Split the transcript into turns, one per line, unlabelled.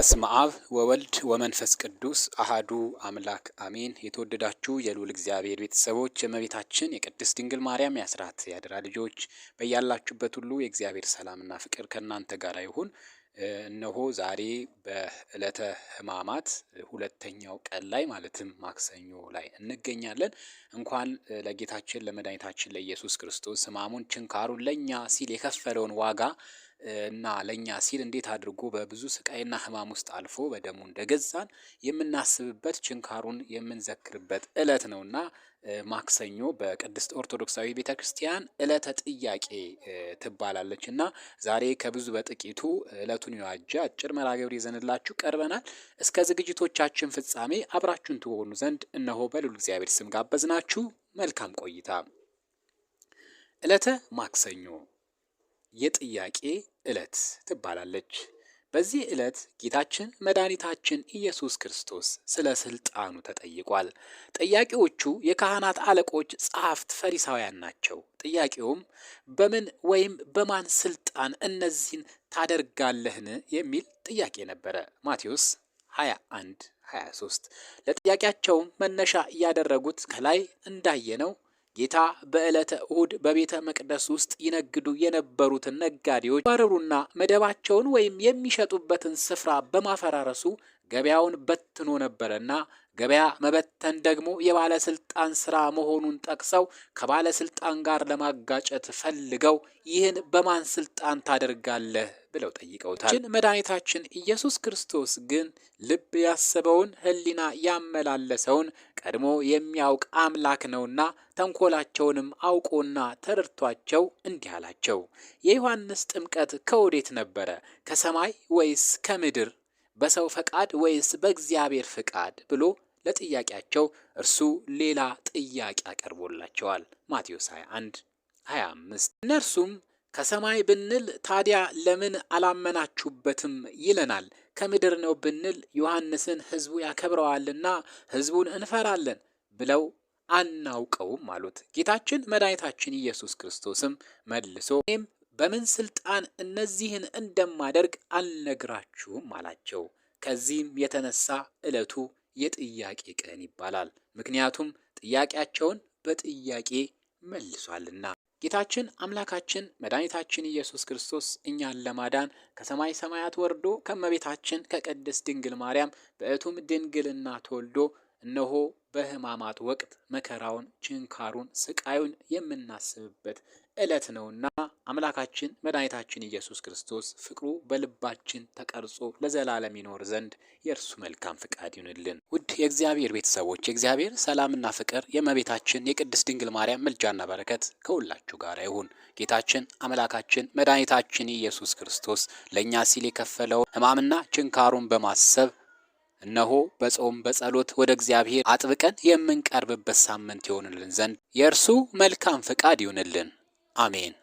በስመ አብ ወወልድ ወመንፈስ ቅዱስ አሃዱ አምላክ አሜን። የተወደዳችሁ የልዑል እግዚአብሔር ቤተሰቦች የእመቤታችን የቅድስት ድንግል ማርያም የአስራት የአደራ ልጆች በያላችሁበት ሁሉ የእግዚአብሔር ሰላምና ፍቅር ከእናንተ ጋር ይሁን። እነሆ ዛሬ በዕለተ ሕማማት ሁለተኛው ቀን ላይ ማለትም ማክሰኞ ላይ እንገኛለን። እንኳን ለጌታችን ለመድኃኒታችን ለኢየሱስ ክርስቶስ ሕማሙን ችንካሩን ለእኛ ሲል የከፈለውን ዋጋ እና ለእኛ ሲል እንዴት አድርጎ በብዙ ስቃይና ህማም ውስጥ አልፎ በደሙ እንደገዛን የምናስብበት ችንካሩን የምንዘክርበት እለት ነውና ማክሰኞ በቅድስት ኦርቶዶክሳዊ ቤተ ክርስቲያን ጥያቄ ትባላለች እና ዛሬ ከብዙ በጥቂቱ እለቱን የዋጀ አጭር መርሐ ግብር ይዘንላችሁ ቀርበናል። እስከ ዝግጅቶቻችን ፍጻሜ አብራችሁን ትሆኑ ዘንድ እነሆ በልዑል እግዚአብሔር ስም ጋበዝናችሁ። መልካም ቆይታ። እለተ ማክሰኞ የጥያቄ ዕለት ትባላለች። በዚህ ዕለት ጌታችን መድኃኒታችን ኢየሱስ ክርስቶስ ስለ ሥልጣኑ ተጠይቋል። ጥያቄዎቹ የካህናት አለቆች፣ ጸሐፍት፣ ፈሪሳውያን ናቸው። ጥያቄውም በምን ወይም በማን ሥልጣን እነዚህን ታደርጋለህን የሚል ጥያቄ ነበረ። ማቴዎስ 21 23 ለጥያቄያቸውም መነሻ እያደረጉት ከላይ እንዳየነው ጌታ በዕለተ እሁድ በቤተ መቅደስ ውስጥ ይነግዱ የነበሩትን ነጋዴዎች ባረሩና መደባቸውን ወይም የሚሸጡበትን ስፍራ በማፈራረሱ ገበያውን በትኖ እና ገበያ መበተን ደግሞ የባለስልጣን ስራ መሆኑን ጠቅሰው ከባለስልጣን ጋር ለማጋጨት ፈልገው ይህን በማን ስልጣን ታደርጋለህ ብለው ጠይቀውታል። ችን መድኃኒታችን ኢየሱስ ክርስቶስ ግን ልብ ያሰበውን ሕሊና ያመላለሰውን ቀድሞ የሚያውቅ አምላክ ነውና ተንኮላቸውንም አውቆና ተረድቷቸው እንዲህ አላቸው። የዮሐንስ ጥምቀት ከወዴት ነበረ? ከሰማይ ወይስ ከምድር በሰው ፈቃድ ወይስ በእግዚአብሔር ፈቃድ ብሎ ለጥያቄያቸው እርሱ ሌላ ጥያቄ አቀርቦላቸዋል። ማቴዎስ 21 25 እነርሱም ከሰማይ ብንል ታዲያ ለምን አላመናችሁበትም ይለናል። ከምድር ነው ብንል ዮሐንስን ሕዝቡ ያከብረዋልና ሕዝቡን እንፈራለን ብለው አናውቀውም አሉት። ጌታችን መድኃኒታችን ኢየሱስ ክርስቶስም መልሶ እኔም በምን ስልጣን እነዚህን እንደማደርግ አልነግራችሁም አላቸው። ከዚህም የተነሳ ዕለቱ የጥያቄ ቀን ይባላል። ምክንያቱም ጥያቄያቸውን በጥያቄ መልሷልና። ጌታችን አምላካችን መድኃኒታችን ኢየሱስ ክርስቶስ እኛን ለማዳን ከሰማይ ሰማያት ወርዶ ከመቤታችን ከቅድስት ድንግል ማርያም በእቱም ድንግልና ተወልዶ እነሆ በሕማማት ወቅት መከራውን፣ ችንካሩን፣ ስቃዩን የምናስብበት ዕለት ነውና አምላካችን መድኃኒታችን ኢየሱስ ክርስቶስ ፍቅሩ በልባችን ተቀርጾ ለዘላለም ይኖር ዘንድ የእርሱ መልካም ፍቃድ ይሁንልን። ውድ የእግዚአብሔር ቤተሰቦች የእግዚአብሔር ሰላምና ፍቅር የእመቤታችን የቅድስት ድንግል ማርያም ምልጃና በረከት ከሁላችሁ ጋር ይሁን። ጌታችን አምላካችን መድኃኒታችን ኢየሱስ ክርስቶስ ለእኛ ሲል የከፈለው ሕማምና ችንካሩን በማሰብ እነሆ በጾም በጸሎት ወደ እግዚአብሔር አጥብቀን የምንቀርብበት ሳምንት ይሆንልን ዘንድ የእርሱ መልካም ፈቃድ ይሁንልን። አሜን።